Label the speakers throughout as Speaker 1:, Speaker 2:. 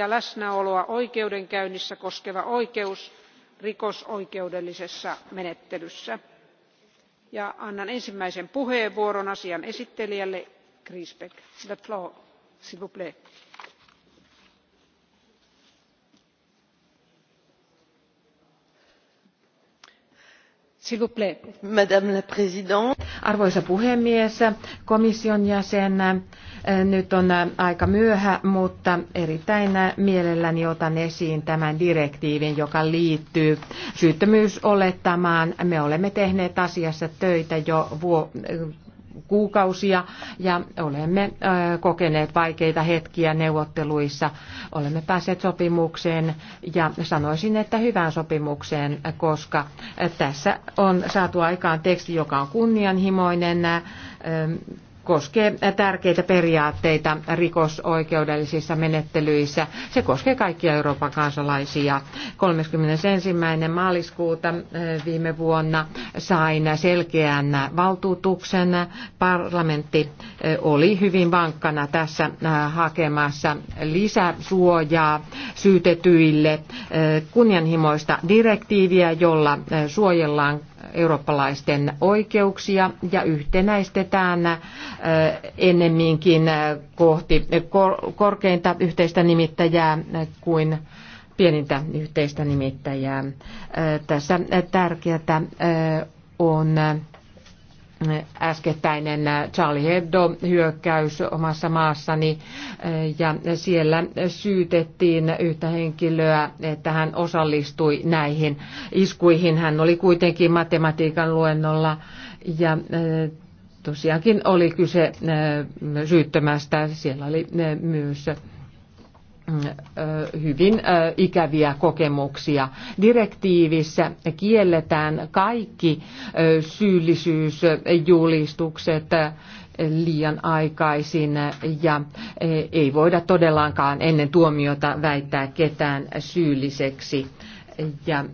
Speaker 1: ja läsnäoloa oikeudenkäynnissä koskeva oikeus rikosoikeudellisessa menettelyssä. Ja annan ensimmäisen puheenvuoron asian esittelijälle griesbeck. arvoisa puhemies komission jäsen äh, nyt on äh, aika myöhä mutta erittäin äh, mielelläni otan esiin tämän direktiivin joka liittyy syyttömyysolettamaan. me olemme tehneet asiassa töitä jo kuukausia ja olemme kokeneet vaikeita hetkiä neuvotteluissa. Olemme päässeet sopimukseen ja sanoisin, että hyvään sopimukseen, koska tässä on saatu aikaan teksti, joka on kunnianhimoinen koskee tärkeitä periaatteita rikosoikeudellisissa menettelyissä. Se koskee kaikkia Euroopan kansalaisia. 31. maaliskuuta eh, viime vuonna sain selkeän valtuutuksen. Parlamentti eh, oli hyvin vankkana tässä eh, hakemassa lisäsuojaa syytetyille kunnianhimoista direktiiviä, jolla suojellaan eurooppalaisten oikeuksia ja yhtenäistetään ennemminkin kohti korkeinta yhteistä nimittäjää kuin pienintä yhteistä nimittäjää. Tässä tärkeää on äskettäinen Charlie Hebdo-hyökkäys omassa maassani ja siellä syytettiin yhtä henkilöä, että hän osallistui näihin iskuihin. Hän oli kuitenkin matematiikan luennolla ja äh, tosiaankin oli kyse äh, syyttömästä. Siellä oli äh, myös Mm, hyvin ikäviä kokemuksia. Direktiivissä kielletään kaikki syyllisyysjulistukset liian aikaisin ja ei voida todellakaan ennen tuomiota väittää ketään syylliseksi. Ja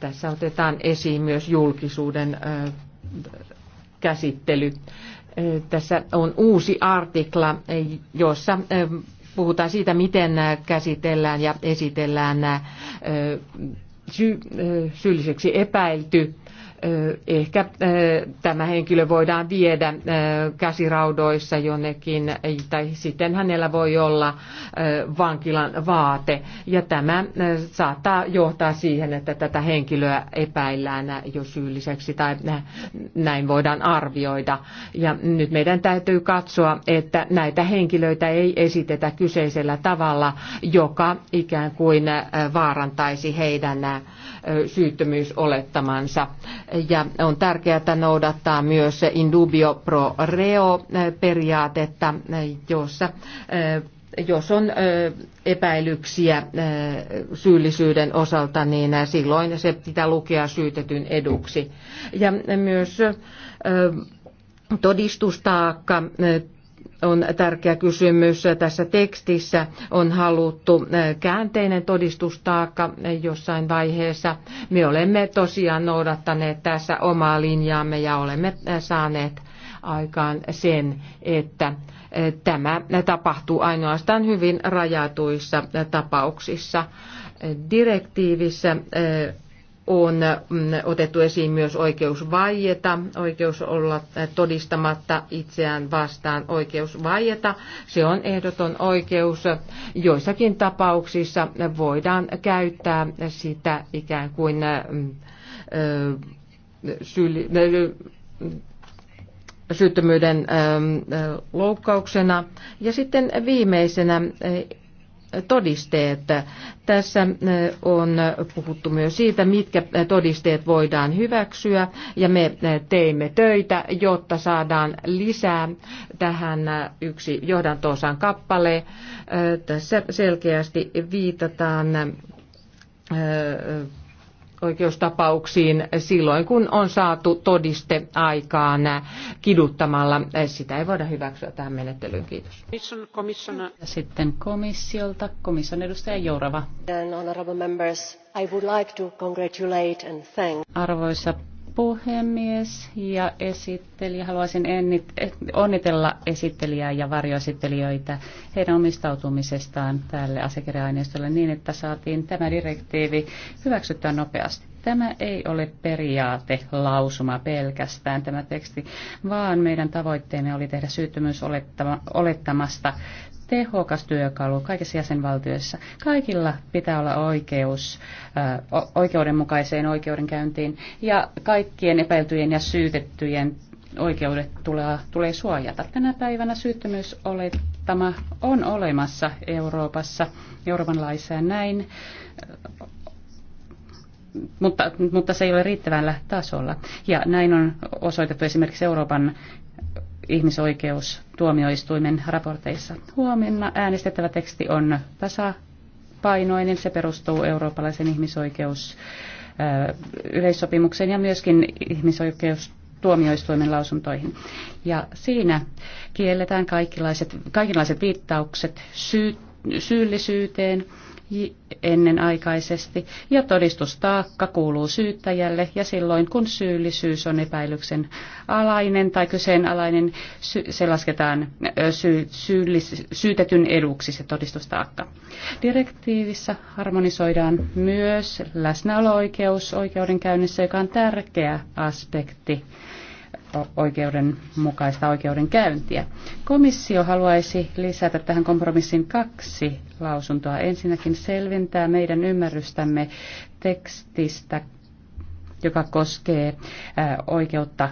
Speaker 1: tässä otetaan esiin myös julkisuuden käsittely. Tässä on uusi artikla, jossa puhutaan siitä, miten käsitellään ja esitellään syy, syylliseksi epäilty Ehkä tämä henkilö voidaan viedä käsiraudoissa jonnekin, tai sitten hänellä voi olla vankilan vaate. Ja tämä saattaa johtaa siihen, että tätä henkilöä epäillään jo syylliseksi, tai näin voidaan arvioida. Ja nyt meidän täytyy katsoa, että näitä henkilöitä ei esitetä kyseisellä tavalla, joka ikään kuin vaarantaisi heidän syyttömyysolettamansa. Ja on tärkeää noudattaa myös indubio pro reo periaatetta, jossa jos on epäilyksiä syyllisyyden osalta, niin silloin se pitää lukea syytetyn eduksi. Ja myös todistustaakka on tärkeä kysymys. Tässä tekstissä on haluttu äh, käänteinen todistustaakka jossain vaiheessa. Me olemme tosiaan noudattaneet tässä omaa linjaamme ja olemme äh, saaneet aikaan sen, että äh, tämä tapahtuu ainoastaan hyvin rajatuissa tapauksissa. Direktiivissä on mm, otettu esiin myös oikeus vaieta, oikeus olla eh, todistamatta itseään vastaan, oikeus vaieta. Se on ehdoton oikeus. Joissakin tapauksissa voidaan käyttää sitä ikään kuin eh, mm, eh, syyttömyyden loukkauksena. Ja sitten viimeisenä todisteet. Tässä on puhuttu myös siitä, mitkä todisteet voidaan hyväksyä ja me teimme töitä, jotta saadaan lisää tähän yksi johdantoosan kappale. Tässä selkeästi viitataan oikeustapauksiin silloin, kun on saatu todiste aikaan kiduttamalla. Sitä ei voida
Speaker 2: hyväksyä tähän menettelyyn. Kiitos. Sitten komissiolta komission edustaja Jourava. Arvoisa puhemies ja esittelijä. Haluaisin onnitella esittelijää ja varjoesittelijöitä heidän omistautumisestaan tälle asiakirja-aineistolle niin, että saatiin tämä direktiivi hyväksyttyä nopeasti. Tämä ei ole periaate lausuma pelkästään tämä teksti, vaan meidän tavoitteena oli tehdä olettamasta tehokas työkalu kaikissa jäsenvaltioissa. Kaikilla pitää olla oikeus oikeudenmukaiseen oikeudenkäyntiin ja kaikkien epäiltyjen ja syytettyjen oikeudet tulee, tulee suojata. Tänä päivänä syyttömyysolettama on olemassa Euroopassa, Euroopan laissa ja näin, mutta, mutta se ei ole riittävällä tasolla. Ja näin on osoitettu esimerkiksi Euroopan ihmisoikeus tuomioistuimen raporteissa. Huomenna äänestettävä teksti on tasapainoinen. Se perustuu eurooppalaisen ihmisoikeus yleissopimukseen ja myöskin ihmisoikeus tuomioistuimen lausuntoihin. Ja siinä kielletään kaikenlaiset, kaikenlaiset viittaukset syy, syyllisyyteen, ennenaikaisesti ja todistustaakka kuuluu syyttäjälle ja silloin kun syyllisyys on epäilyksen alainen tai kyseenalainen, sy- se lasketaan sy- syyllis- syytetyn eduksi se todistustaakka. Direktiivissä harmonisoidaan myös läsnäoloikeus oikeudenkäynnissä, joka on tärkeä aspekti oikeudenmukaista oikeudenkäyntiä. Komissio haluaisi lisätä tähän kompromissin kaksi lausuntoa. Ensinnäkin selventää meidän ymmärrystämme tekstistä, joka koskee oikeutta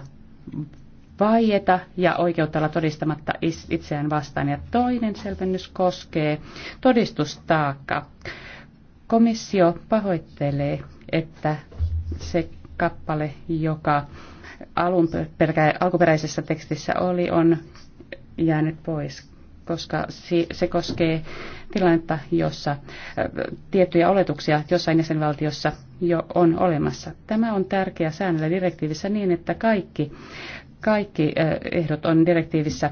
Speaker 2: vaieta ja oikeutta olla todistamatta itseään vastaan. Ja toinen selvennys koskee todistustaakka. Komissio pahoittelee, että se kappale, joka alun perkä, alkuperäisessä tekstissä oli, on jäänyt pois, koska se koskee tilannetta, jossa tiettyjä oletuksia jossain jäsenvaltiossa jo on olemassa. Tämä on tärkeä säännöllä direktiivissä niin, että kaikki, kaikki ehdot on direktiivissä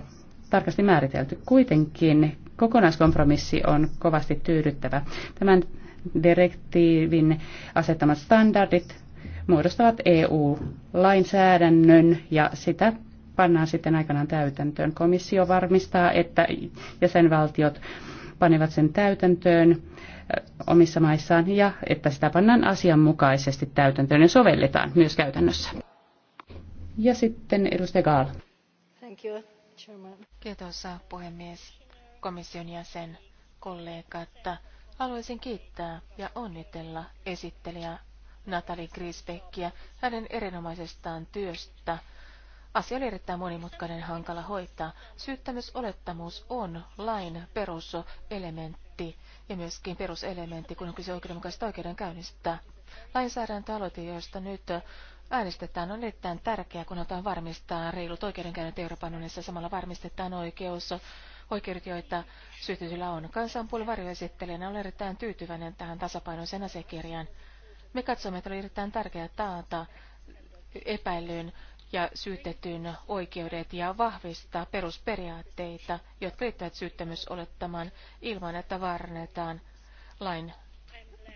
Speaker 2: tarkasti määritelty. Kuitenkin kokonaiskompromissi on kovasti tyydyttävä. Tämän direktiivin asettamat standardit muodostavat EU-lainsäädännön ja sitä pannaan sitten aikanaan täytäntöön. Komissio varmistaa, että jäsenvaltiot panevat sen täytäntöön omissa maissaan ja että sitä pannaan asianmukaisesti täytäntöön ja sovelletaan myös käytännössä.
Speaker 3: Ja sitten edustaja Gaal. Thank you, Chairman. Kiitos puhemies, komission jäsen, kollegat. Haluaisin kiittää ja onnitella esittelijä. Natalie Grisbeckia hänen erinomaisestaan työstä. Asia oli erittäin monimutkainen hankala hoitaa. Syyttämysolettamus on lain peruselementti ja myöskin peruselementti, kun on kyse oikeudenmukaisesta oikeudenkäynnistä. Lainsäädäntöaloite, joista nyt äänestetään, on erittäin tärkeää, kun otetaan varmistaa reilut oikeudenkäynnit Euroopan unionissa. Samalla varmistetaan oikeus oikeudet, joita syytetyllä on. Kansanpuolivarjoesittelijänä on erittäin tyytyväinen tähän tasapainoiseen asiakirjaan. Me katsomme, että oli erittäin tärkeää taata epäilyyn ja syytetyn oikeudet ja vahvistaa perusperiaatteita, jotka liittyvät syyttämysolettamaan ilman, että vaarannetaan lain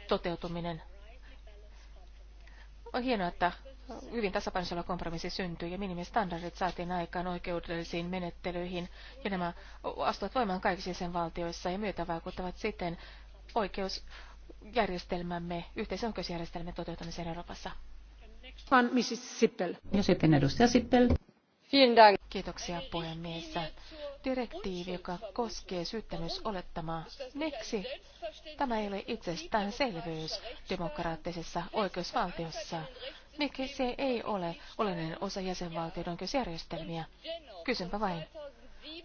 Speaker 3: toteutuminen. On hienoa, että hyvin tasapainoisella kompromissi syntyi ja minimistandardit saatiin aikaan oikeudellisiin menettelyihin ja nämä astuvat voimaan kaikissa sen valtioissa ja myötävaikuttavat siten oikeus järjestelmämme, yhteisen oikeusjärjestelmämme toteutumisen Euroopassa. Ja sitten edustaja Sippel. Kiitoksia puhemies. Direktiivi, joka koskee syyttämysolettamaa. Miksi? Tämä ei ole itsestäänselvyys demokraattisessa oikeusvaltiossa. Miksi se ei ole oleellinen osa jäsenvaltioiden oikeusjärjestelmiä? Kysynpä vain.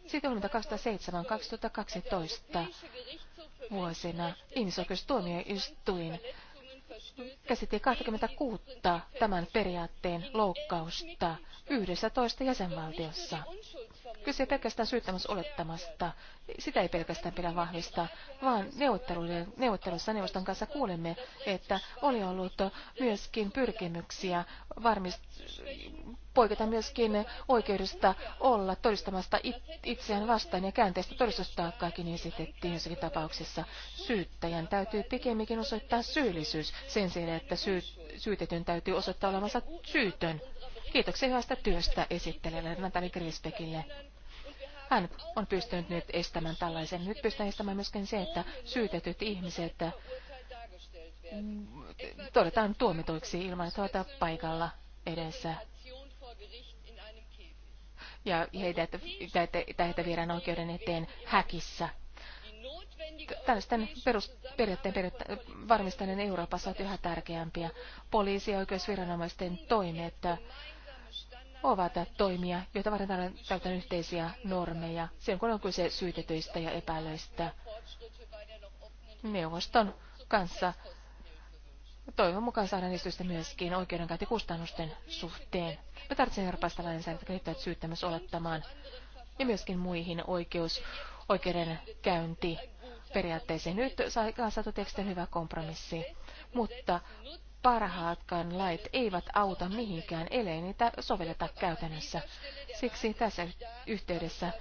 Speaker 3: Sitten 2007-2012 vuosina ihmisoikeustuomioistuin käsitti 26 tämän periaatteen loukkausta 11 jäsenvaltiossa. Kyse ei pelkästään syyttämysolettamasta, sitä ei pelkästään pidä vahvistaa, vaan neuvottelussa neuvoston kanssa kuulemme, että oli ollut myöskin pyrkimyksiä varmist- poiketa myöskin oikeudesta olla todistamasta itseään vastaan ja käänteistä todistustaakkaakin niin esitettiin jossakin tapauksessa. Syyttäjän täytyy pikemminkin osoittaa syyllisyys sen sijaan, että syy- syytetyn täytyy osoittaa olevansa syytön. Kiitoksia hyvästä työstä esittelijälle Natali Grisbekille. Hän on pystynyt nyt estämään tällaisen. Nyt pystyn estämään myöskin se, että syytetyt ihmiset mm, todetaan tuomituiksi ilman tuota paikalla edessä. Ja heidät, heitä viedään oikeuden eteen häkissä. Tällaisten perusperiaatteen varmistaminen Euroopassa on yhä tärkeämpiä. Poliisi- ja oikeusviranomaisten toimet ovat toimia, joita varten tarvitaan yhteisiä normeja, Sen kun on kyse syytetyistä ja epäilöistä neuvoston kanssa. Toivon mukaan saadaan edistystä myöskin oikeudenkäyntikustannusten suhteen. Me tarvitsemme eurooppalaista lainsäädäntöä liittyvät olettamaan ja myöskin muihin oikeus, oikeudenkäynti periaatteeseen. Nyt saa saatu tekstin hyvä kompromissi, mutta parhaatkaan lait eivät auta mihinkään, ellei niitä sovelleta käytännössä. Siksi tässä yhteydessä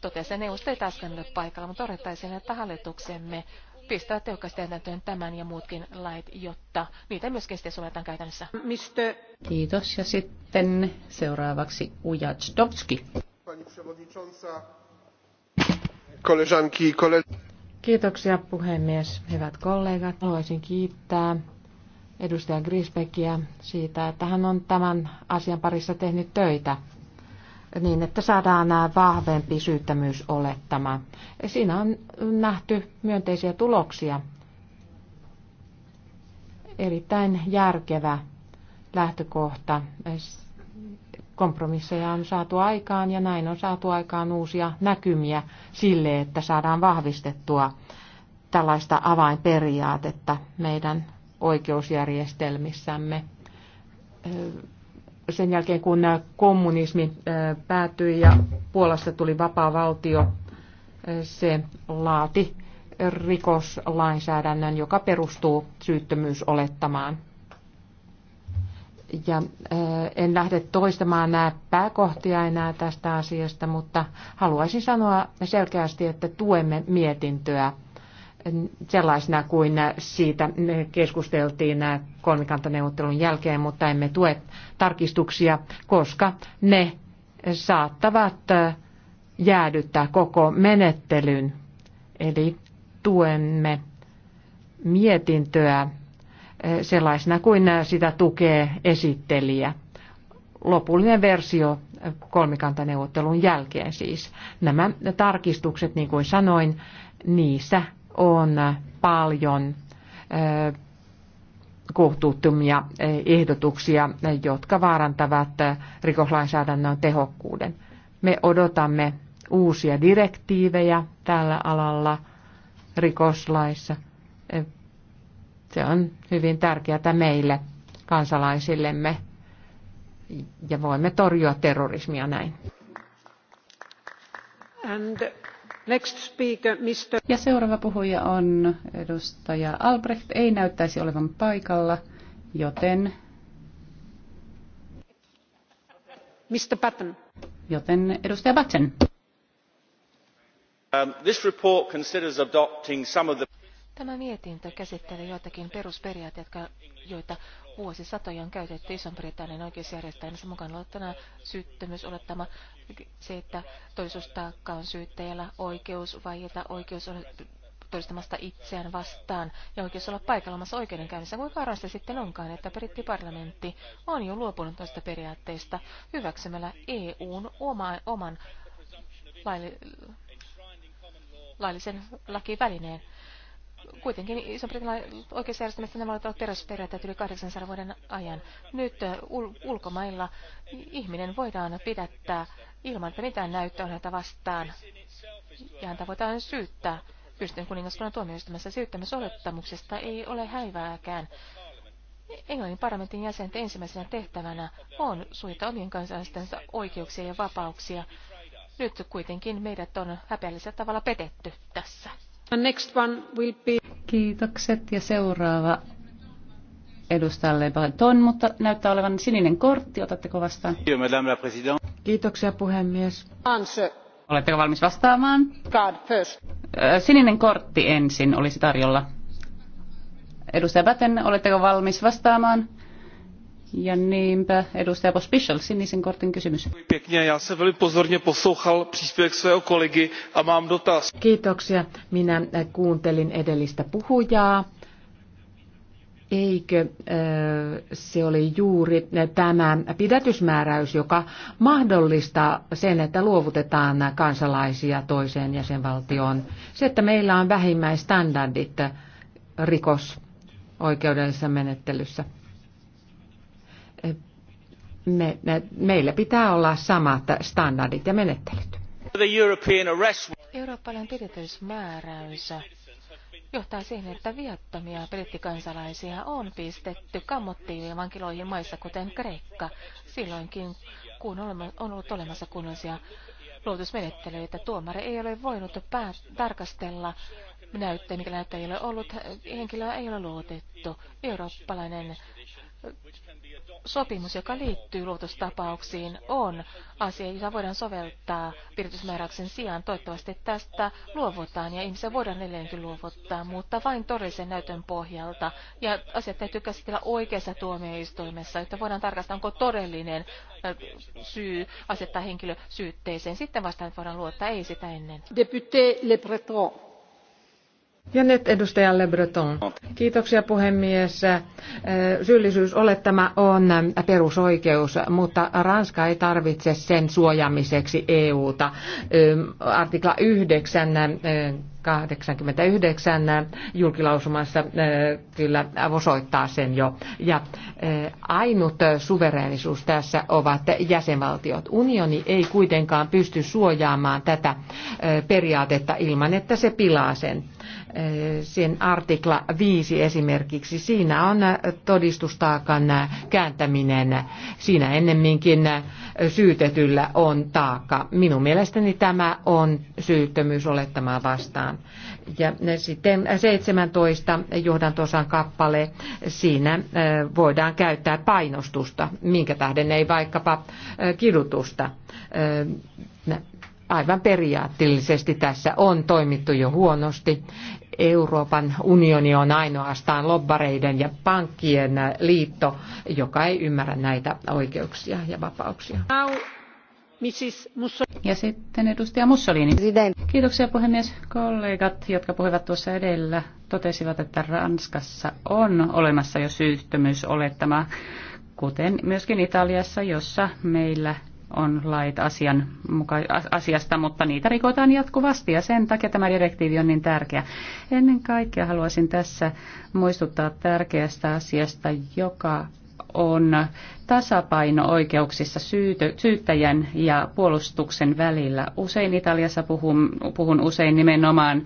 Speaker 3: totesi neuvosto ei taaskaan ole paikalla, mutta odottaisin, että hallituksemme pistää tehokkaasti täytäntöön tämän ja muutkin lait, jotta niitä myöskin sitten sovelletaan käytännössä. Mistä? Kiitos.
Speaker 2: Ja sitten seuraavaksi Ujazdowski. Kiitoksia puhemies, hyvät
Speaker 1: kollegat. Haluaisin kiittää edustaja Grisbeckiä siitä, että hän on tämän asian parissa tehnyt töitä niin, että saadaan nämä vahvempi syyttämyysolettama. Siinä on nähty myönteisiä tuloksia. Erittäin järkevä lähtökohta. Kompromisseja on saatu aikaan ja näin on saatu aikaan uusia näkymiä sille, että saadaan vahvistettua tällaista avainperiaatetta meidän oikeusjärjestelmissämme. Sen jälkeen kun kommunismi päättyi ja puolassa tuli vapaa valtio, se laati rikoslainsäädännön, joka perustuu syyttömyysolettamaan. Ja en lähde toistamaan nämä pääkohtia enää tästä asiasta, mutta haluaisin sanoa selkeästi, että tuemme mietintöä sellaisena kuin siitä keskusteltiin kolmikantaneuvottelun jälkeen, mutta emme tue tarkistuksia, koska ne saattavat jäädyttää koko menettelyn. Eli tuemme mietintöä sellaisena kuin sitä tukee esittelijä. Lopullinen versio kolmikantaneuvottelun jälkeen siis. Nämä tarkistukset, niin kuin sanoin, niissä on paljon kohtuuttomia ehdotuksia, jotka vaarantavat rikoslainsäädännön tehokkuuden. Me odotamme uusia direktiivejä tällä alalla rikoslaissa. Se on hyvin tärkeää meille kansalaisillemme ja voimme torjua terrorismia näin.
Speaker 2: And Next speaker, Mr. Ja seuraava puhuja on edustaja Albrecht. Ei näyttäisi olevan paikalla, joten... Mr. Patton. Joten edustaja Batten.
Speaker 1: Um,
Speaker 3: Tämä mietintö käsittelee joitakin perusperiaatteita, joita vuosisatoja on käytetty iso britannian oikeusjärjestelmässä mukaan luottana olettama se, että toisuustaakka on syyttäjällä oikeus vaieta oikeus todistamasta itseään vastaan ja oikeus olla paikalla omassa oikeudenkäynnissä. Kuinka arvoista sitten onkaan, että brittiparlamentti on jo luopunut tästä periaatteesta hyväksymällä EUn oman, lailli, laillisen lakivälineen kuitenkin Iso-Britannian oikeusjärjestelmästä nämä ovat perusperiaatteet yli 800 vuoden ajan. Nyt ul- ulkomailla ihminen voidaan pidättää ilman, että mitään näyttöä on häntä vastaan. Ja häntä voidaan syyttää. Pystyn kuningaskunnan tuomioistuimessa syyttämisolettamuksesta ei ole häivääkään. Englannin parlamentin jäsenten ensimmäisenä tehtävänä on suojata omien kansalaistensa oikeuksia ja vapauksia. Nyt kuitenkin meidät on häpeällisellä tavalla petetty tässä.
Speaker 2: Kiitokset ja seuraava edustajalle Breton, mutta näyttää olevan sininen kortti. Otatteko vastaan? Kiitoksia puhemies. Answer. Oletteko valmis vastaamaan? God first. Sininen kortti ensin olisi tarjolla. Edustaja Päten, oletteko valmis vastaamaan? Ja niinpä, edustaja Pospisil, sinisen kortin kysymys. Kiitoksia. Minä eh, kuuntelin edellistä puhujaa.
Speaker 1: Eikö eh, se oli juuri eh, tämä pidätysmääräys, joka mahdollistaa sen, että luovutetaan kansalaisia toiseen jäsenvaltioon? Se, että meillä on vähimmäistandardit rikosoikeudellisessa menettelyssä me, me, meillä pitää olla samat standardit ja menettelyt.
Speaker 3: Eurooppalainen pidätysmääräys johtaa siihen, että viattomia brittikansalaisia on pistetty kammottiiviin vankiloihin maissa, kuten Kreikka, silloinkin kun on ollut olemassa kunnollisia luotusmenettelyitä. Tuomari ei ole voinut pää- tarkastella näyttöä, mikä näyttö ei ole ollut, henkilöä ei ole luotettu. Eurooppalainen sopimus, joka liittyy luotostapauksiin, on asia, jota voidaan soveltaa piritysmääräyksen sijaan. Toivottavasti tästä luovutaan ja ihmisiä voidaan edelleenkin luovuttaa, mutta vain todellisen näytön pohjalta. Ja asiat täytyy käsitellä oikeassa tuomioistuimessa, että voidaan tarkastaa, onko todellinen äh, syy asettaa henkilö syytteeseen. Sitten vastaan voidaan luottaa, ei sitä ennen.
Speaker 1: Deputé Le Breton. Ja nyt edustaja Le Breton. Kiitoksia puhemies. Syyllisyysolettama on perusoikeus, mutta Ranska ei tarvitse sen suojaamiseksi EUta. Artikla 9 89 julkilausumassa kyllä osoittaa sen jo. Ja ainut suvereenisuus tässä ovat jäsenvaltiot. Unioni ei kuitenkaan pysty suojaamaan tätä periaatetta ilman, että se pilaa sen Eh, sen artikla 5 esimerkiksi, siinä on eh, todistustaakan eh, kääntäminen. Siinä ennemminkin syytetyllä on taakka. Minun mielestäni tämä on syyttömyys olettamaa vastaan. Ja sitten 17 johdantosan kappale, siinä voidaan käyttää painostusta, minkä tähden ei vaikkapa kidutusta aivan periaatteellisesti tässä on toimittu jo huonosti. Euroopan unioni on ainoastaan lobbareiden ja pankkien liitto, joka ei ymmärrä näitä
Speaker 2: oikeuksia ja vapauksia. Ja sitten edustaja Mussolini. Kiitoksia puhemies. Kollegat, jotka puhuivat tuossa edellä, totesivat, että Ranskassa on olemassa jo syyttömyysolettama, kuten myöskin Italiassa, jossa meillä on lait asian, muka, asiasta, mutta niitä rikotaan jatkuvasti ja sen takia tämä direktiivi on niin tärkeä. Ennen kaikkea haluaisin tässä muistuttaa tärkeästä asiasta, joka on tasapaino oikeuksissa syytö, syyttäjän ja puolustuksen välillä. Usein Italiassa puhun, puhun usein nimenomaan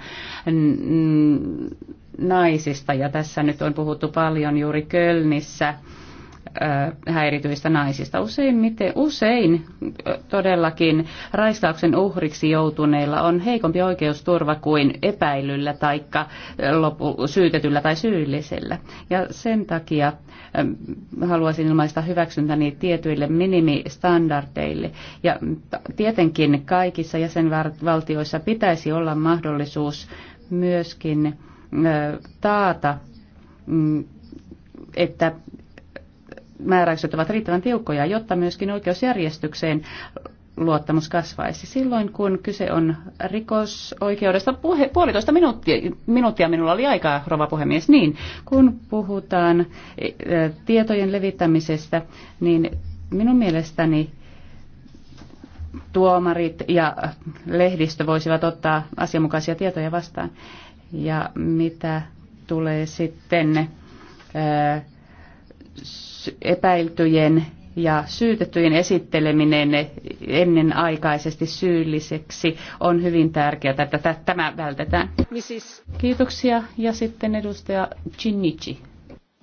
Speaker 2: naisista ja tässä nyt on puhuttu paljon juuri Kölnissä häirityistä naisista. Usein, miten, usein todellakin raiskauksen uhriksi joutuneilla on heikompi oikeusturva kuin epäilyllä tai lopu, syytetyllä tai syyllisellä. Ja sen takia haluaisin ilmaista hyväksyntäni tietyille minimistandardeille. Ja tietenkin kaikissa jäsenvaltioissa pitäisi olla mahdollisuus myöskin taata mm, että määräykset ovat riittävän tiukkoja, jotta myöskin oikeusjärjestykseen luottamus kasvaisi. Silloin kun kyse on rikosoikeudesta, puhe, puolitoista minuuttia, minuuttia minulla oli aikaa, rova puhemies, niin kun puhutaan e, e, tietojen levittämisestä, niin minun mielestäni tuomarit ja lehdistö voisivat ottaa asianmukaisia tietoja vastaan. Ja mitä tulee sitten ä, e, epäiltyjen ja syytettyjen esitteleminen ennenaikaisesti syylliseksi on hyvin tärkeää, että tämä vältetään. Kiitoksia. Ja sitten edustaja Chinnici.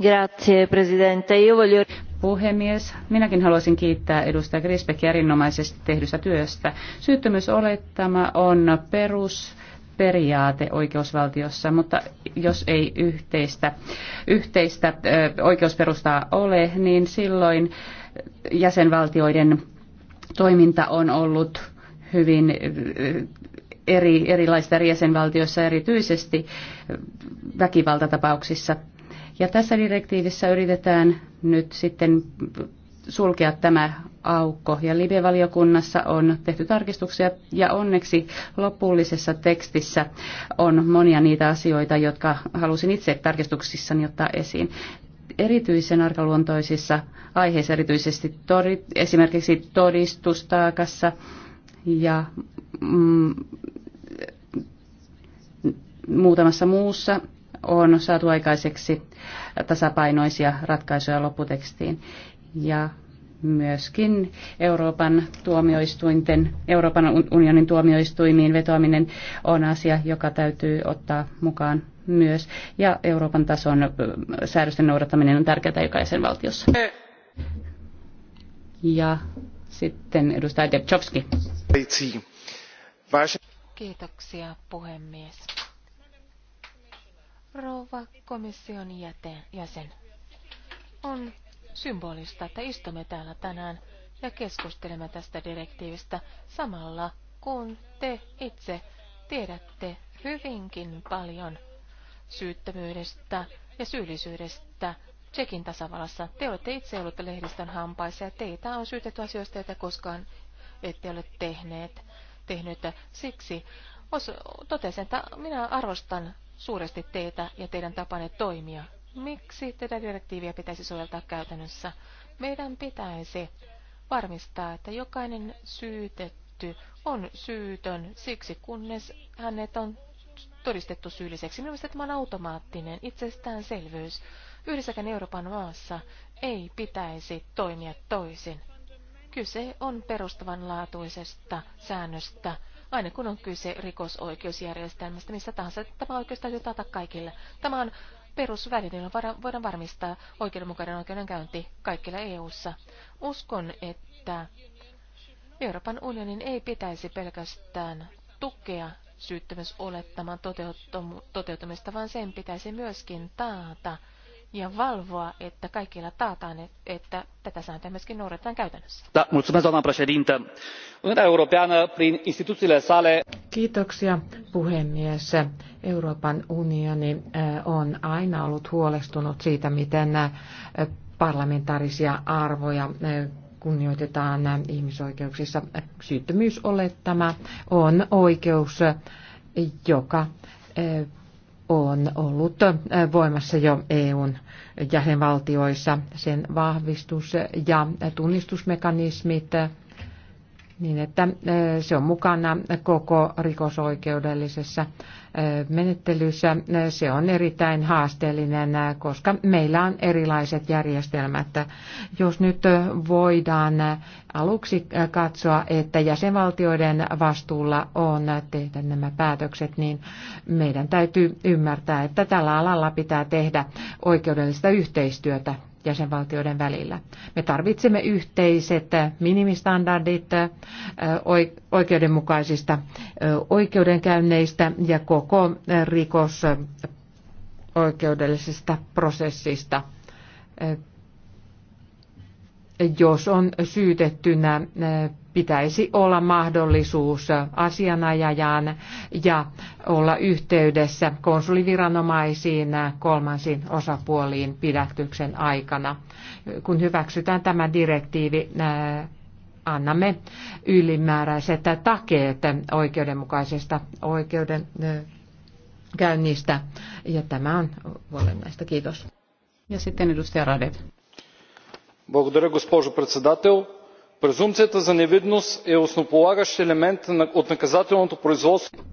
Speaker 2: Grazie, presidente. Io voglio... Puhemies, minäkin haluaisin kiittää edustaja Grisbeck erinomaisesti tehdystä työstä. Syyttömyysolettama on perus perusperiaate oikeusvaltiossa, mutta jos ei yhteistä, yhteistä oikeusperustaa ole, niin silloin jäsenvaltioiden toiminta on ollut hyvin eri, erilaista eri jäsenvaltioissa, erityisesti väkivaltatapauksissa. Ja tässä direktiivissä yritetään nyt sitten sulkea tämä aukko. Ja Libe-valiokunnassa on tehty tarkistuksia ja onneksi lopullisessa tekstissä on monia niitä asioita, jotka halusin itse tarkistuksissani ottaa esiin. Erityisen arkaluontoisissa aiheissa, erityisesti tori, esimerkiksi todistustaakassa ja mm, muutamassa muussa on saatu aikaiseksi tasapainoisia ratkaisuja lopputekstiin ja myöskin Euroopan tuomioistuinten, Euroopan unionin tuomioistuimiin vetoaminen on asia, joka täytyy ottaa mukaan myös. Ja Euroopan tason säädösten noudattaminen on tärkeää jokaisen valtiossa. Ja sitten edustaja Debchowski.
Speaker 3: Kiitoksia puhemies. Rouva komission jäsen. On symbolista, että istumme täällä tänään ja keskustelemme tästä direktiivistä samalla, kun te itse tiedätte hyvinkin paljon syyttömyydestä ja syyllisyydestä Tsekin tasavallassa. Te olette itse ollut lehdistön hampaissa ja teitä on syytetty asioista, joita koskaan ette ole tehneet. tehnyt. Siksi os, totesin, että minä arvostan suuresti teitä ja teidän tapanne toimia. Miksi tätä direktiiviä pitäisi soveltaa käytännössä? Meidän pitäisi varmistaa, että jokainen syytetty on syytön siksi, kunnes hänet on todistettu syylliseksi. mielestäni tämä on automaattinen itsestäänselvyys. Yhdessäkään Euroopan maassa ei pitäisi toimia toisin. Kyse on perustavanlaatuisesta säännöstä, aina kun on kyse rikosoikeusjärjestelmästä, missä tahansa. Tämä oikeus täytyy taata kaikille. Tämä on perusvälineillä voidaan varmistaa oikeudenmukainen oikeudenkäynti kaikilla EU-ssa. Uskon, että Euroopan unionin ei pitäisi pelkästään tukea syyttämysolettaman toteutumista, vaan sen pitäisi myöskin taata ja valvoa, että kaikilla taataan, että tätä sääntöä myöskin noudatetaan käytännössä.
Speaker 2: Da, mulțumesc, doamna președintă. Uniunea Europeană, prin instituțiile sale...
Speaker 1: Kiitoksia, puhemies. Euroopan unioni eh, on aina ollut huolestunut siitä, miten eh, parlamentaarisia arvoja eh, kunnioitetaan ihmisoikeuksissa. Syyttömyysolettama on oikeus, joka on ollut voimassa jo EUn jäsenvaltioissa. Sen vahvistus ja tunnistusmekanismit niin että se on mukana koko rikosoikeudellisessa menettelyssä. Se on erittäin haasteellinen, koska meillä on erilaiset järjestelmät. Jos nyt voidaan aluksi katsoa, että jäsenvaltioiden vastuulla on tehdä nämä päätökset, niin meidän täytyy ymmärtää, että tällä alalla pitää tehdä oikeudellista yhteistyötä jäsenvaltioiden välillä. Me tarvitsemme yhteiset minimistandardit oikeudenmukaisista oikeudenkäynneistä ja koko rikosoikeudellisesta prosessista. Jos on syytettynä pitäisi olla mahdollisuus asianajajan ja olla yhteydessä konsuliviranomaisiin kolmansiin osapuoliin pidätyksen aikana. Kun hyväksytään tämä direktiivi, annamme ylimääräiset takeet oikeudenmukaisesta oikeuden käynnistä. Ja tämä on olennaista.
Speaker 2: Kiitos. Ja sitten edustaja Radev.
Speaker 3: Благодаря, госпожо председател презумпцията за невинност е основополагащ елемент от наказателното производство.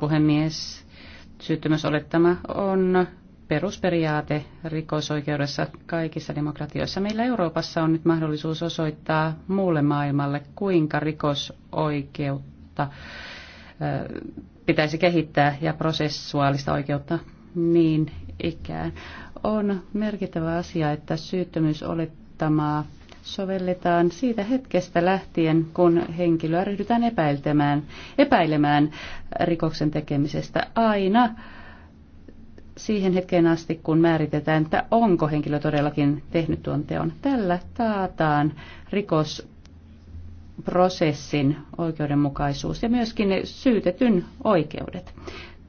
Speaker 2: puhemies, syyttömyysolettama on perusperiaate rikosoikeudessa kaikissa demokratioissa. Meillä Euroopassa on nyt mahdollisuus osoittaa muulle maailmalle, kuinka rikosoikeutta pitäisi kehittää ja prosessuaalista oikeutta niin ikään. On merkittävä asia, että syyttömyysolettamaa sovelletaan siitä hetkestä lähtien, kun henkilöä ryhdytään epäilemään, epäilemään rikoksen tekemisestä aina siihen hetkeen asti, kun määritetään, että onko henkilö todellakin tehnyt tuon teon. Tällä taataan rikosprosessin oikeudenmukaisuus ja myöskin ne syytetyn oikeudet.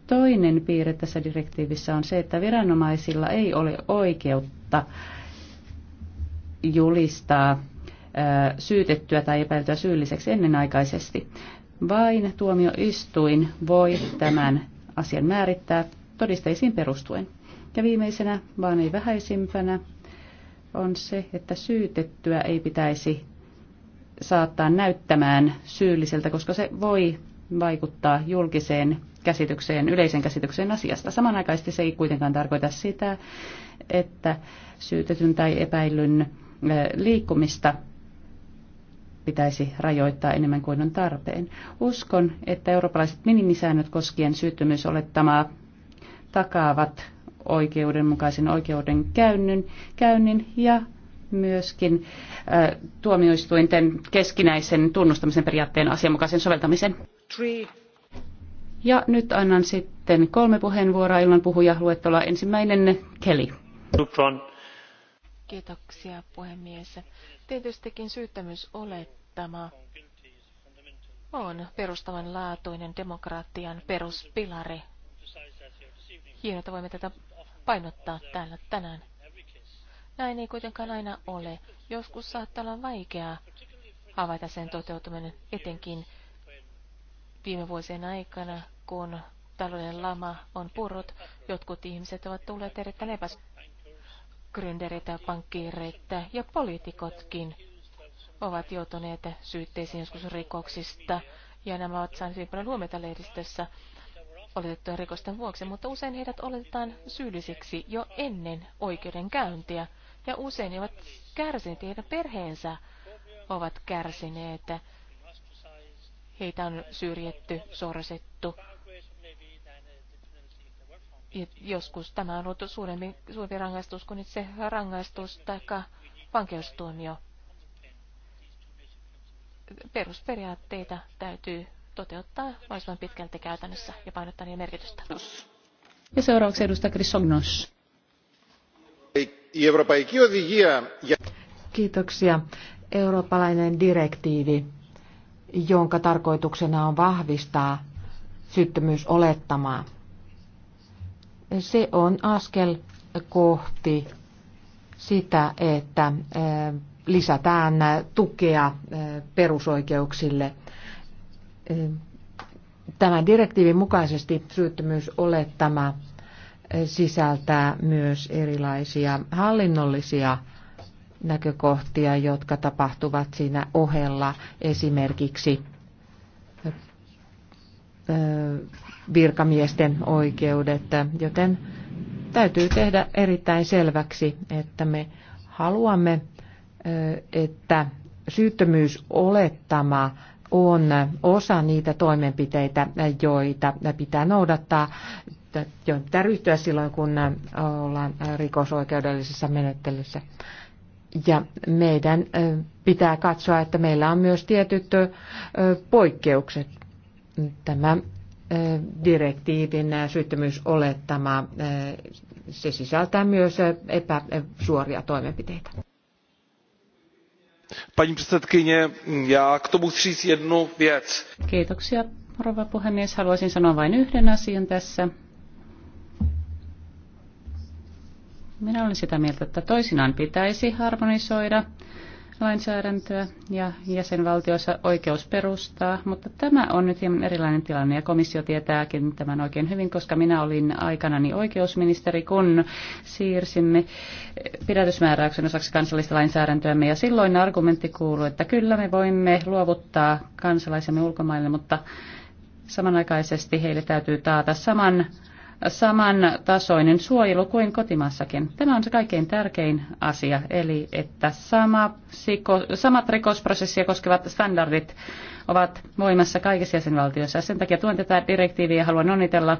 Speaker 2: Toinen piirre tässä direktiivissä on se, että viranomaisilla ei ole oikeutta äh, julistaa syytettyä tai epäiltyä syylliseksi ennenaikaisesti. Vain tuomioistuin voi tämän asian määrittää todisteisiin perustuen. Ja viimeisenä, vaan ei vähäisimpänä, on se, että syytettyä ei pitäisi saattaa näyttämään syylliseltä, koska se voi vaikuttaa julkiseen käsitykseen, yleisen käsitykseen asiasta. Samanaikaisesti se ei kuitenkaan tarkoita sitä, että syytetyn tai epäillyn liikkumista pitäisi rajoittaa enemmän kuin on tarpeen. Uskon, että eurooppalaiset minimisäännöt koskien syyttömyysolettamaa takaavat oikeudenmukaisen oikeuden käynnin ja myöskin ä, tuomioistuinten keskinäisen tunnustamisen periaatteen asianmukaisen soveltamisen. Three. Ja nyt annan sitten kolme puheenvuoroa illan puhuja luettelua. Ensimmäinen Kelly.
Speaker 3: Kiitoksia, puhemies. Tietystikin syyttämysolettama on perustavanlaatuinen demokratian peruspilari. Hienoa, että voimme tätä painottaa täällä tänään. Näin ei kuitenkaan aina ole. Joskus saattaa olla vaikeaa havaita sen toteutuminen, etenkin viime vuosien aikana, kun talouden lama on purrut, jotkut ihmiset ovat tulleet erittäin epäsuhteisiin gründerit, pankkiirit ja poliitikotkin ovat joutuneet syytteisiin joskus rikoksista, ja nämä ovat saaneet hyvin paljon huomiota lehdistössä oletettujen rikosten vuoksi, mutta usein heidät oletetaan syyllisiksi jo ennen oikeudenkäyntiä, ja usein he ovat kärsineet, heidän perheensä ovat kärsineet. Heitä on syrjetty, sorsettu, joskus tämä on ollut suurempi, suurempi rangaistus kuin itse rangaistus tai vankeustuomio. Perusperiaatteita täytyy toteuttaa mahdollisimman pitkälti käytännössä ja painottaa niiden merkitystä.
Speaker 2: Ja seuraavaksi edustaja Krisognos. Kiitoksia.
Speaker 1: Eurooppalainen direktiivi, jonka tarkoituksena on vahvistaa syyttömyysolettamaa se on askel kohti sitä, että lisätään tukea perusoikeuksille. Tämän direktiivin mukaisesti olettama sisältää myös erilaisia hallinnollisia näkökohtia, jotka tapahtuvat siinä ohella esimerkiksi virkamiesten oikeudet, joten täytyy tehdä erittäin selväksi, että me haluamme, että syyttömyysolettama on osa niitä toimenpiteitä, joita pitää noudattaa, joita pitää ryhtyä silloin, kun ollaan rikosoikeudellisessa menettelyssä. Ja meidän pitää katsoa, että meillä on myös tietyt poikkeukset Tämä direktiivin syyttömyysolettama, se sisältää
Speaker 2: myös epäsuoria toimenpiteitä.
Speaker 3: Paní předsedkyně, ja k tomu chci jednu věc.
Speaker 2: Kiitoksia, rouva puhemies. Haluaisin sanoa vain yhden asian tässä. Minä olen sitä mieltä, että toisinaan pitäisi harmonisoida lainsäädäntöä ja jäsenvaltioissa oikeusperustaa, mutta tämä on nyt hieman erilainen tilanne ja komissio tietääkin tämän oikein hyvin, koska minä olin aikanani oikeusministeri, kun siirsimme pidätysmääräyksen osaksi kansallista lainsäädäntöämme ja silloin argumentti kuuluu, että kyllä me voimme luovuttaa kansalaisemme ulkomaille, mutta samanaikaisesti heille täytyy taata saman samantasoinen suojelu kuin kotimaassakin. Tämä on se kaikkein tärkein asia, eli että sama siko, samat rikosprosessia koskevat standardit ovat voimassa kaikissa jäsenvaltioissa. Sen takia tuon tätä direktiiviä ja haluan onnitella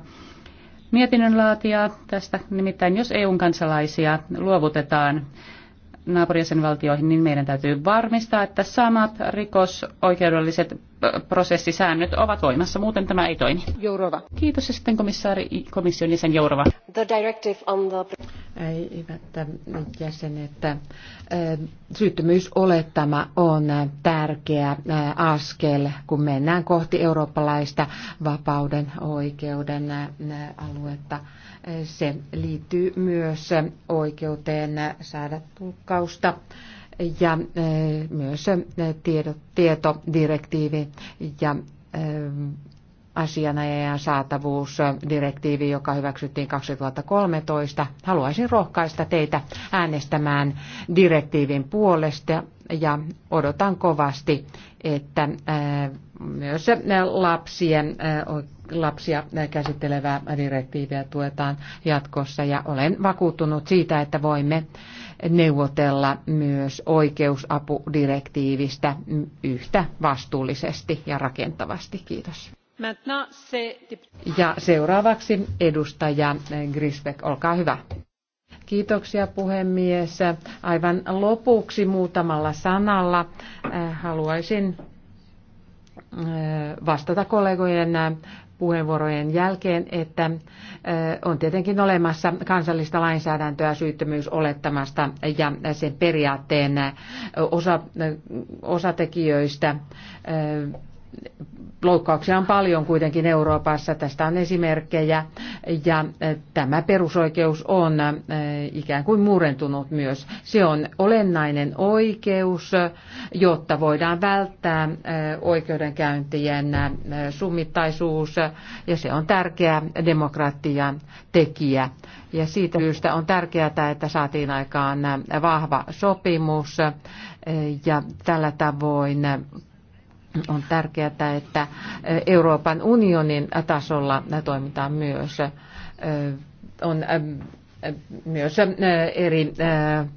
Speaker 2: mietinnön laatia tästä. Nimittäin jos EUn kansalaisia luovutetaan naapurisenvaltioihin, niin meidän täytyy varmistaa, että samat rikosoikeudelliset prosessisäännöt ovat voimassa. Muuten tämä ei toimi. Jourova. Kiitos ja sitten komissaari, komission jäsen Jourova.
Speaker 3: The directive on the
Speaker 1: eivät ähm, jäsenet. Äh, syyttömyysolettama on äh, tärkeä äh, askel, kun mennään kohti eurooppalaista vapauden oikeuden aluetta. Se liittyy myös oikeuteen saada tulkkausta ja myös tietodirektiivi ja ähm, asianajajan saatavuusdirektiivi, joka hyväksyttiin 2013. Haluaisin rohkaista teitä äänestämään direktiivin puolesta ja odotan kovasti, että myös lapsien, lapsia käsittelevää direktiiviä tuetaan jatkossa ja olen vakuuttunut siitä, että voimme neuvotella myös oikeusapudirektiivistä yhtä vastuullisesti ja rakentavasti. Kiitos. Ja seuraavaksi edustaja Grisbeck, olkaa hyvä. Kiitoksia puhemies. Aivan lopuksi muutamalla sanalla äh, haluaisin äh, vastata kollegojen äh, puheenvuorojen jälkeen, että on tietenkin olemassa kansallista lainsäädäntöä syyttömyysolettamasta ja sen periaatteen osa, osatekijöistä Loukkauksia on paljon kuitenkin Euroopassa, tästä on esimerkkejä ja e, tämä perusoikeus on e, ikään kuin murentunut myös. Se on olennainen oikeus, jotta voidaan välttää e, oikeudenkäyntien summittaisuus ja se on tärkeä demokratian tekijä. Ja siitä syystä on tärkeää, että saatiin aikaan vahva sopimus ja tällä tavoin on tärkeää, että Euroopan unionin tasolla toimitaan myös. On äh, myös äh, eri äh,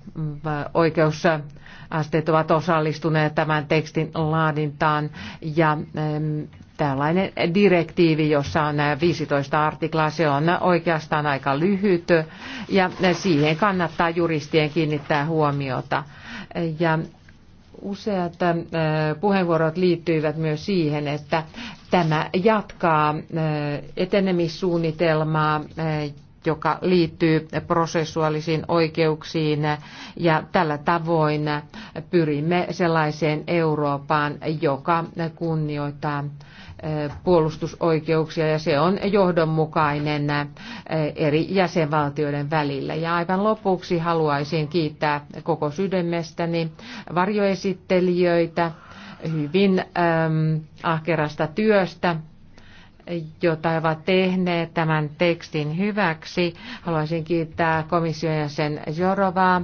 Speaker 1: oikeusasteet ovat osallistuneet tämän tekstin laadintaan ja ähm, tällainen direktiivi, jossa on 15 artiklaa, se on oikeastaan aika lyhyt ja siihen kannattaa juristien kiinnittää huomiota. Ja Useat äh, puheenvuorot liittyivät myös siihen, että tämä jatkaa äh, etenemissuunnitelmaa, äh, joka liittyy prosessuaalisiin oikeuksiin ja tällä tavoin pyrimme sellaiseen Eurooppaan, joka kunnioittaa puolustusoikeuksia ja se on johdonmukainen eri jäsenvaltioiden välillä. Ja aivan lopuksi haluaisin kiittää koko sydämestäni varjoesittelijöitä hyvin ähm, ahkerasta työstä jota he ovat tehneet tämän tekstin hyväksi. Haluaisin kiittää komission jäsen Jorovaa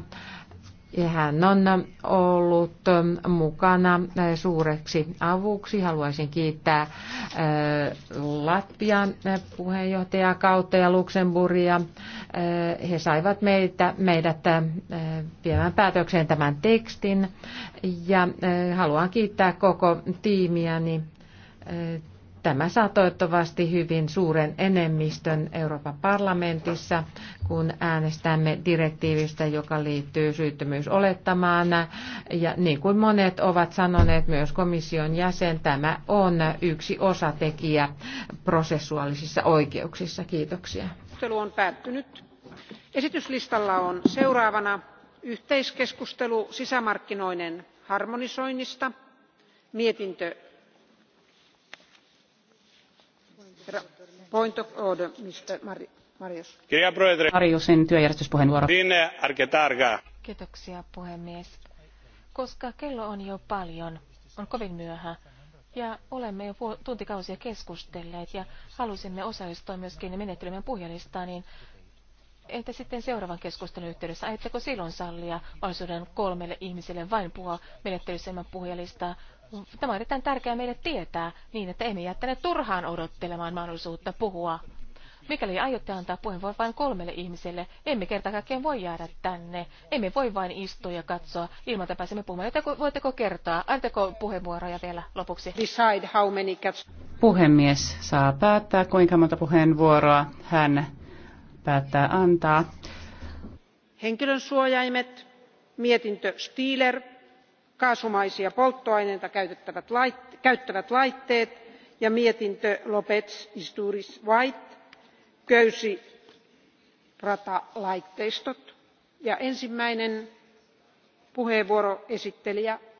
Speaker 1: ja hän on ollut mukana suureksi avuksi. Haluaisin kiittää Latvian puheenjohtajaa kautta ja Luxemburgia. He saivat meitä, meidät viemään päätökseen tämän tekstin. Ja haluan kiittää koko tiimiäni Tämä saa toivottavasti hyvin suuren enemmistön Euroopan parlamentissa, kun äänestämme direktiivistä, joka liittyy syyttömyysolettamaan. Ja niin kuin monet ovat sanoneet, myös komission jäsen, tämä on yksi osatekijä prosessuaalisissa oikeuksissa. Kiitoksia. Keskustelu on päättynyt. Esityslistalla on seuraavana yhteiskeskustelu sisämarkkinoiden harmonisoinnista. Mietintö
Speaker 3: Marjusin
Speaker 2: työjärjestyspuheenvuoro. Niin, eh,
Speaker 3: Kiitoksia puhemies. Koska kello on jo paljon, on kovin myöhä ja olemme jo tuntikausia keskustelleet ja halusimme osallistua myös menettelymän puhujalistaan, niin entä sitten seuraavan keskustelun yhteydessä, aiotteko silloin sallia mahdollisuuden kolmelle ihmiselle vain puhua menettelyssä puhujalistaa Tämä on erittäin tärkeää meille tietää niin, että emme jättäneet turhaan odottelemaan mahdollisuutta puhua. Mikäli aiotte antaa puheenvuoron vain kolmelle ihmiselle, emme kerta kaikkeen voi jäädä tänne. Emme voi vain istua ja katsoa ilman, että pääsemme puhumaan. Joten voitteko kertoa? Anteko puheenvuoroja vielä lopuksi? Decide how many cats...
Speaker 2: Puhemies saa päättää, kuinka monta puheenvuoroa hän päättää antaa.
Speaker 1: Henkilön suojaimet, mietintö Stiiler, kaasumaisia polttoaineita käyttävät laitteet ja mietintö lópez istúriz white ja ensimmäinen puheenvuoro esittelijä